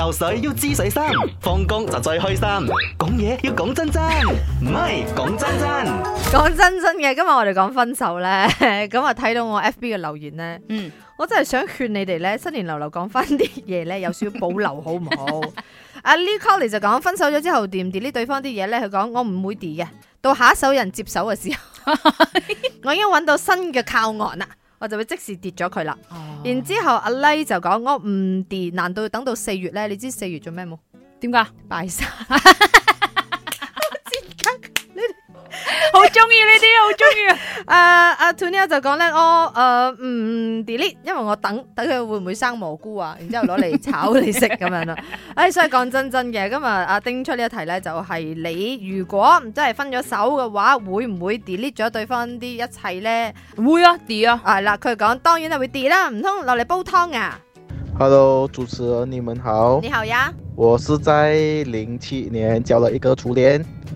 游水要知水深，放工就最開心。講嘢要講真真，唔係講真真，講真真嘅。今日我哋講分手咧，咁啊睇到我 F B 嘅留言咧，嗯，我真係想勸你哋咧，新年流流講翻啲嘢咧，有少少保留好唔好？阿 Lee Cole 就講分手咗之後點 delete 對方啲嘢咧，佢講我唔會 delete 嘅，到下一手人接手嘅時候， 我已經揾到新嘅靠岸啦。我就會即時跌咗佢啦，Oh. 然之後阿 Lay 就講，我唔跌，難道要等到四月呢？你知四月做咩冇？點解？拜山。 好中意呢啲好中意啊！誒誒，阿 Tunio 就講咧，我誒唔 delete，因為我等等佢會唔會生蘑菇啊？然之後攞嚟炒你食咁樣咯。唉、 哎，所以講真真嘅，今日阿、啊、丁出呢一題咧，就係你如果唔真係分咗手嘅話，會唔會 delete 咗對方啲一切咧？會啊、uh, 會 d e 啊！係啦，佢講當然係會 d e 啦，唔通落嚟煲湯啊？Hello，主持人你們好，你好呀，我是在零七年交了一個初戀。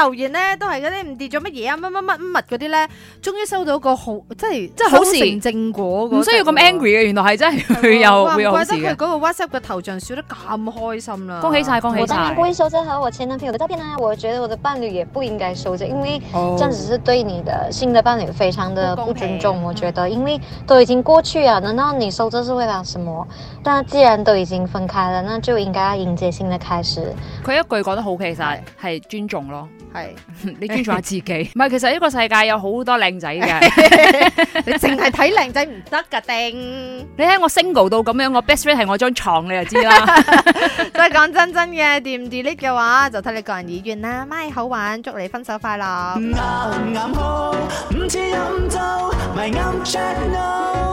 留言咧都係嗰啲唔跌咗乜嘢啊，乜乜乜乜嗰啲咧，終於收到個好，是即係即係好成正果的，唔需要咁 angry 嘅，原來係真係佢又會，有會有好的。怪得佢嗰個 WhatsApp 嘅頭像笑得咁開心啦！恭喜晒，恭喜晒！我當然不會收和我前男朋友嘅照片啦，我覺得我的伴侶也不應該收晒，因為這樣子是對你的新的伴侶非常的不尊重。很啊、我覺得，因為都已經過去啊，難道你收這是為了什麼？但既然都已經分開了，那就應該要迎接新的開始。佢一句講得好，其實係尊重咯。係，你尊重下自己。唔係，其實呢個世界有好多靚仔嘅，你淨係睇靚仔唔得噶定。你睇我 single 到咁樣，我 best friend 係我張床，你就知啦。都係講真真嘅，掂唔掂叻嘅話，就睇你個人意願啦。咪好玩，祝你分手快樂。唔啱，唔啱。